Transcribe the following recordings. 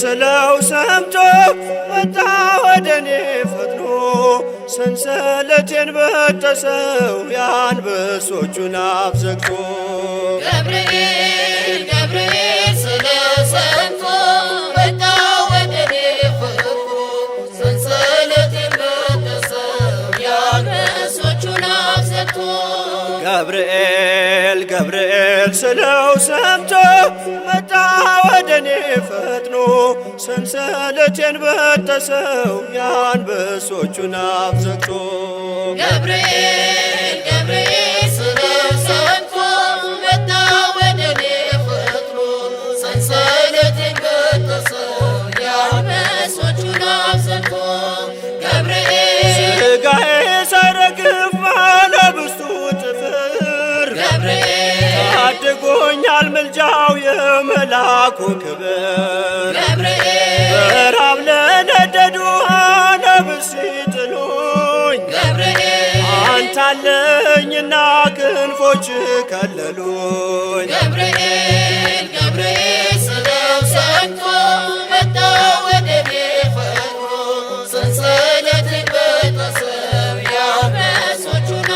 ስለው ሰምቶ መጣ ወደኔ ፈጥኖ ሰንሰለቴን በጠሰው የአንበሶቹን አፍ ዘግቶ ገብርኤል ገብርኤል ስለው ሰምቶ ፈጥኖ ሰንሰለቴን ገብርኤል ገብርኤል ስለው ሰምቶ እኔ ፈጥኖ ሰንሰለቴን በጠሰው የአንበሶቹን አፍ ዘግቶ ገብርኤል ገብርኤል ይበዛል ምልጃው የመላኩ ክብር በራብ ለነደዱ ነብስ ጥሉኝ አንታለኝና ክንፎች ከለሉኝ ገብርኤል ገብርኤል ስለው መጣ ወደ ቤፈቶ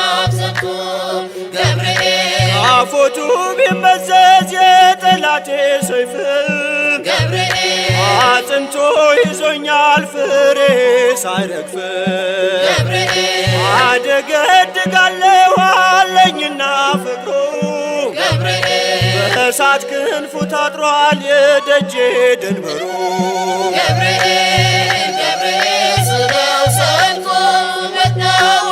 አብዘቶ ሞቱ ቢመዘዝ የጠላቴ ሰይፍ ገብርኤል አጥንቶ ይዞኛል ፍሬ ሳይረግፍ ገብርኤል አደገድጋለሁ አለኝና ፍቅሩ ገብርኤል በእሳት ክንፉ ታጥሯል የደጄ ድንበሩ ገብርኤል ገብርኤል ስለው ሰንቆ መትናወ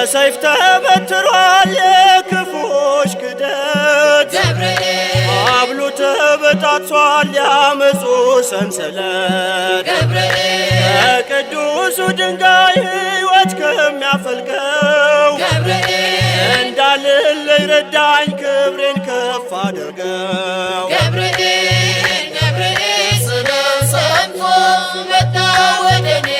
በሰይፍ ተበትሯል የክፉዎች ክደት አብሎ ተበጣቷል ያመጹ ሰንሰለት ከቅዱሱ ድንጋይ ሕይወት ከሚያፈልቀው እንዳልል ረዳኝ ክብሬን ከፍ አድርገው ገብርኤል ገብርኤል ስለ መጣ ወደኔ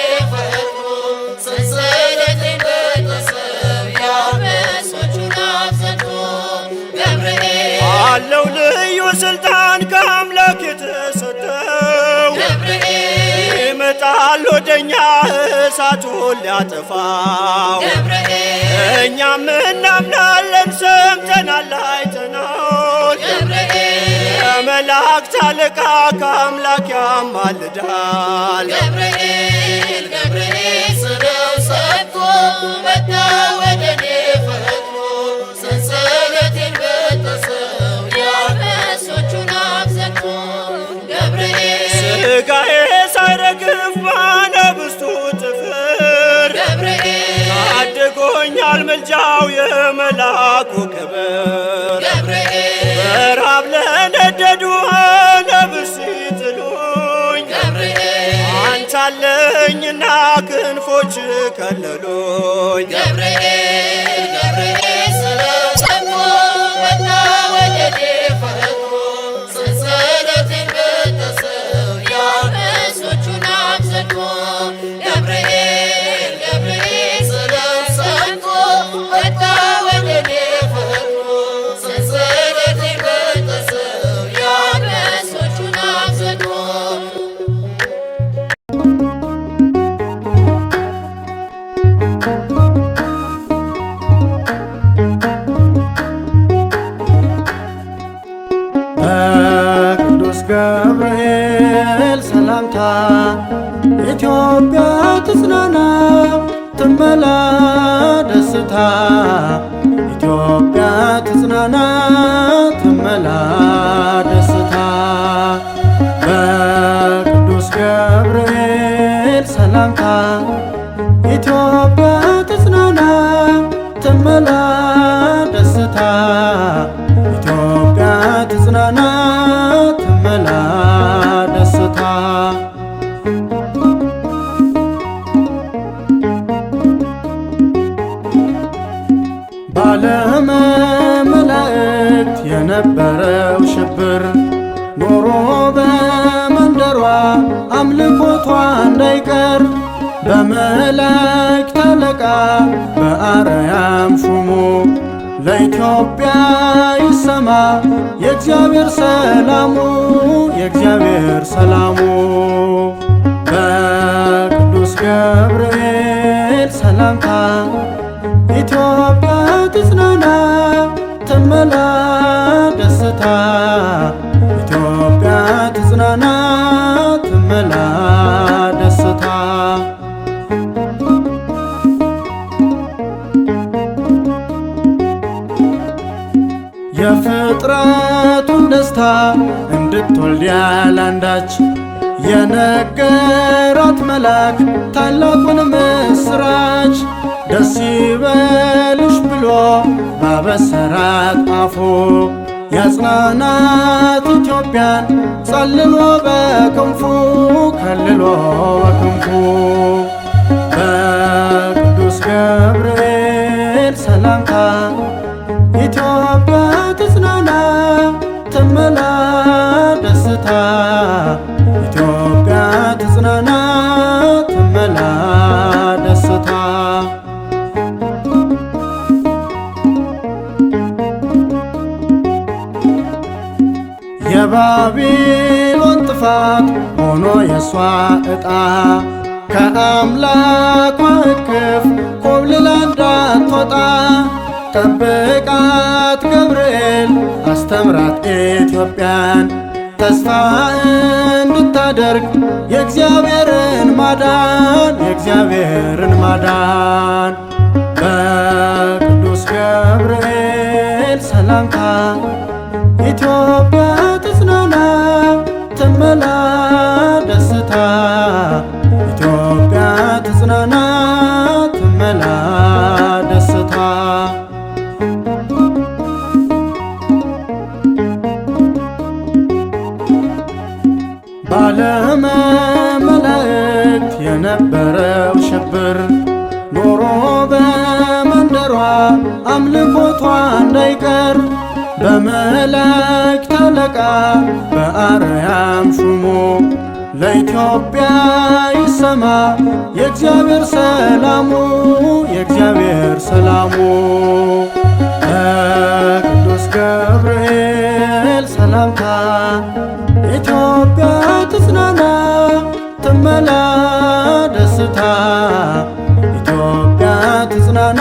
ያለው ልዩ ስልጣን ከአምላክ የተሰጠው ይመጣል ወደኛ እሳቱን ሊያጠፋው እኛም እናምናለን ሰምተናል አይተናል። የመላእክት አለቃ ከአምላክ ያማልዳል ባለብዙ ጥፍር ገብርኤል ታድጎኛል ምልጃው የመላኩ ክብር ገብርኤል ለነደዱ ነብስ ጥሉኝ ገብርኤል አንታለኝና ክንፎች ከለሉኝ ገብርኤል ገብርኤል ገብርኤል ሰላምታ ኢትዮጵያ ትጽናና ትመላ ደስታ ኢትዮጵያ ትጽናና ትመላ ደስታ በቅዱስ ገብርኤል ሰላምታ አምልኮቷ እንዳይቀር በመላእክት አለቃ በአርያም ሹሞ ለኢትዮጵያ ይሰማ የእግዚአብሔር ሰላሙ የእግዚአብሔር ሰላሙ እንድትወልድ ያላንዳች የነገራት መልአክ ታላቁን ምስራች ደስ ይበልሽ ብሎ ባበሰራት አፉ ያጽናናት ኢትዮጵያን ጸልሎ በክንፉ ከልሎ በክንፉ በቅዱስ ገብርኤል ሰላምታ ልመና ደስታ የባቢሎን ጥፋት ሆኖ የሷ ዕጣ ከአምላኳ እቅፍ ኮብልላ እንዳትወጣ ጠብቃት ገብርኤል አስተምራት ኢትዮጵያን ተስፋ እንድታደርግ የእግዚአብሔርን ማዳን የእግዚአብሔርን ማዳን አምልኮቷ እንዳይቀር በመላእክት አለቃ በአርያም ሹሞ ለኢትዮጵያ ይሰማ የእግዚአብሔር ሰላሙ የእግዚአብሔር ሰላሙ ቅዱስ ገብርኤል ሰላምታ ኢትዮጵያ ትጽናና ትመላ ደስታ ኢትዮጵያ ትጽናና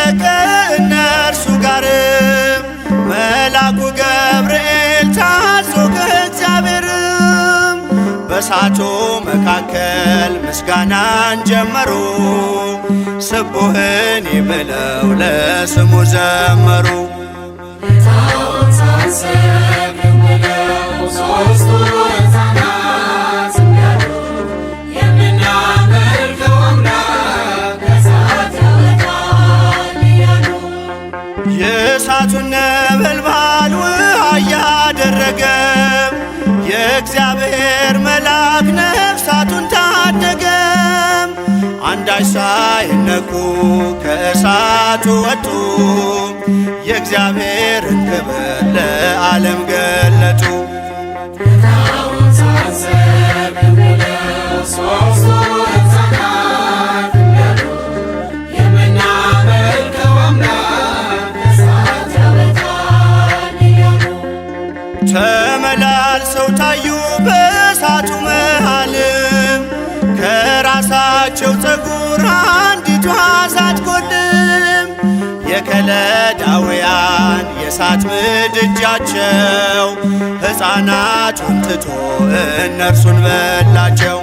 በእሳቱ መካከል ምስጋናን ጀመሩ። ስቡህን ብለው ለስሙ ዘመሩ። ታውን ሳንሰግድ ብለው ሶስቱ ከአዋጅ ሳይነኩ ከእሳቱ ወጡ። የእግዚአብሔርን ክብር ለዓለም ገለጡ። ከለዳውያን የእሳት ምድጃቸው ሕፃናቱን ትቶ እነርሱን በላቸው።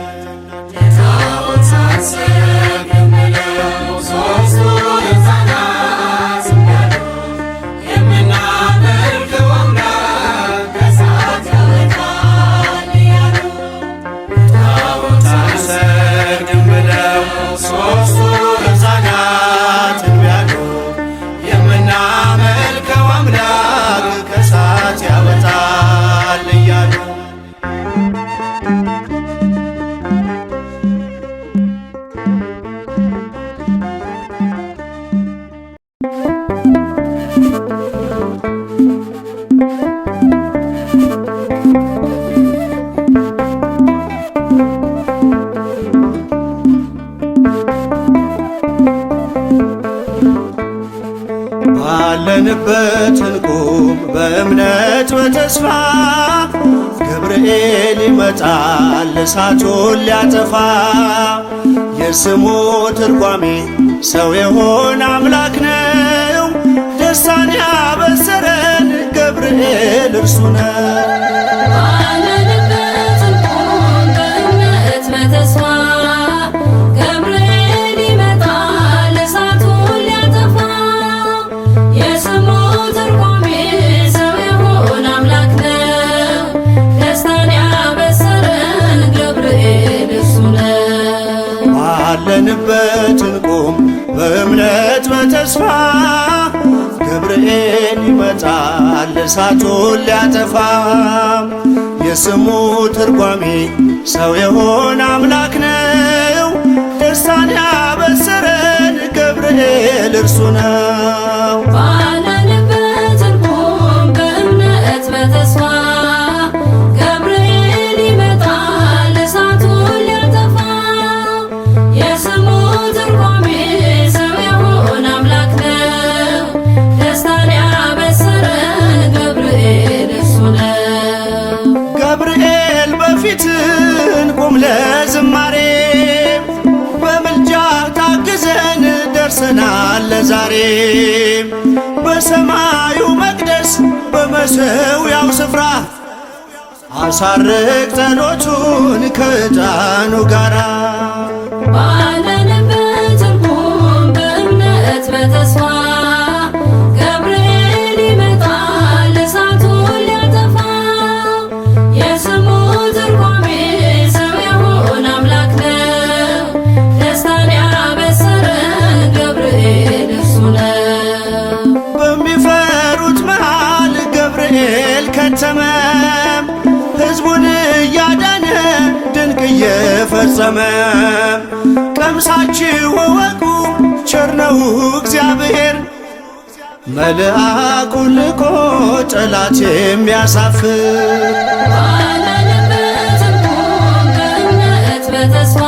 ተስፋ ገብርኤል ይመጣል እሳቱን ሊያጠፋ የስሙ ትርጓሜ ሰው የሆን አምላክ ነው ደስታን ያበሰረን ገብርኤል እርሱ ነው። ተስፋ ገብርኤል ይመጣል እሳቱን ሊያጠፋ የስሙ ትርጓሜ ሰው የሆነ አምላክ ነው። ደስታን ያበሰረን ገብርኤል እርሱ ነው። ደርሰናል ለዛሬ በሰማዩ መቅደስ በመሠዊያው ስፍራ አሳርግ ተኖቹን ከዕጣኑ ጋራ ባለንበት እርቁም በእምነት በተስፋ እየፈጸመ ቀምሳችሁ ወወቁ ቸርነው እግዚአብሔር መልአኩ ልኮ ጠላት የሚያሳፍር ባላለበት እንኳን በእምነት በተስፋ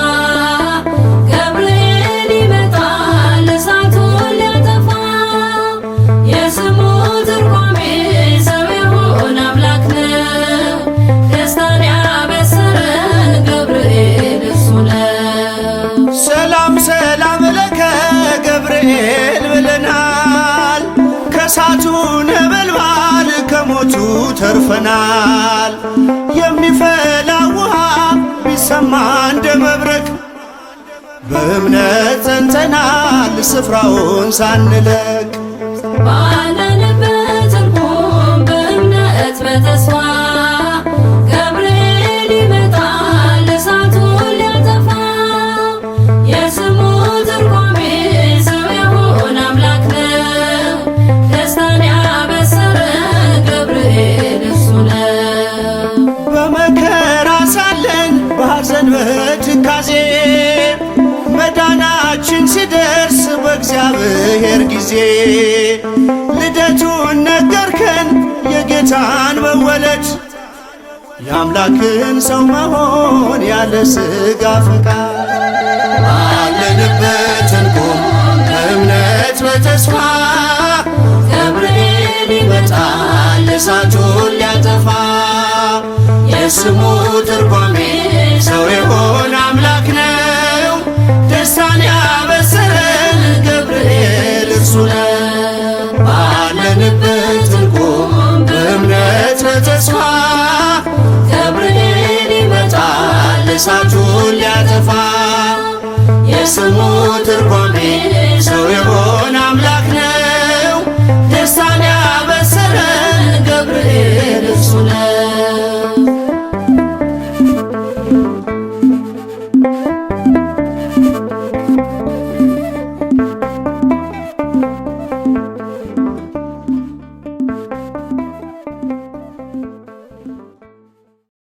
በእምነት ጸንተናል ስፍራውን ሳንለቅ ጌታን መወለድ የአምላክን ሰው መሆን ያለ ስጋ ፈቃድ አለንበትን እንቆም በእምነት በተስፋ ገብርኤል ይመጣል እሳቱን ሊያጠፋ የስሙ ትርጓሜ ሰው የሆን አምላክ ነው ደስታን ያበሰረን ገብርኤል እርሱ ነው ባለንበት እሳቱን ሊያጠፋ የስሙ ትርጓሜ ሰው የሆነ አምላክ ነው። ደስታን ያበሰረን ገብርኤል እርሱ ነው።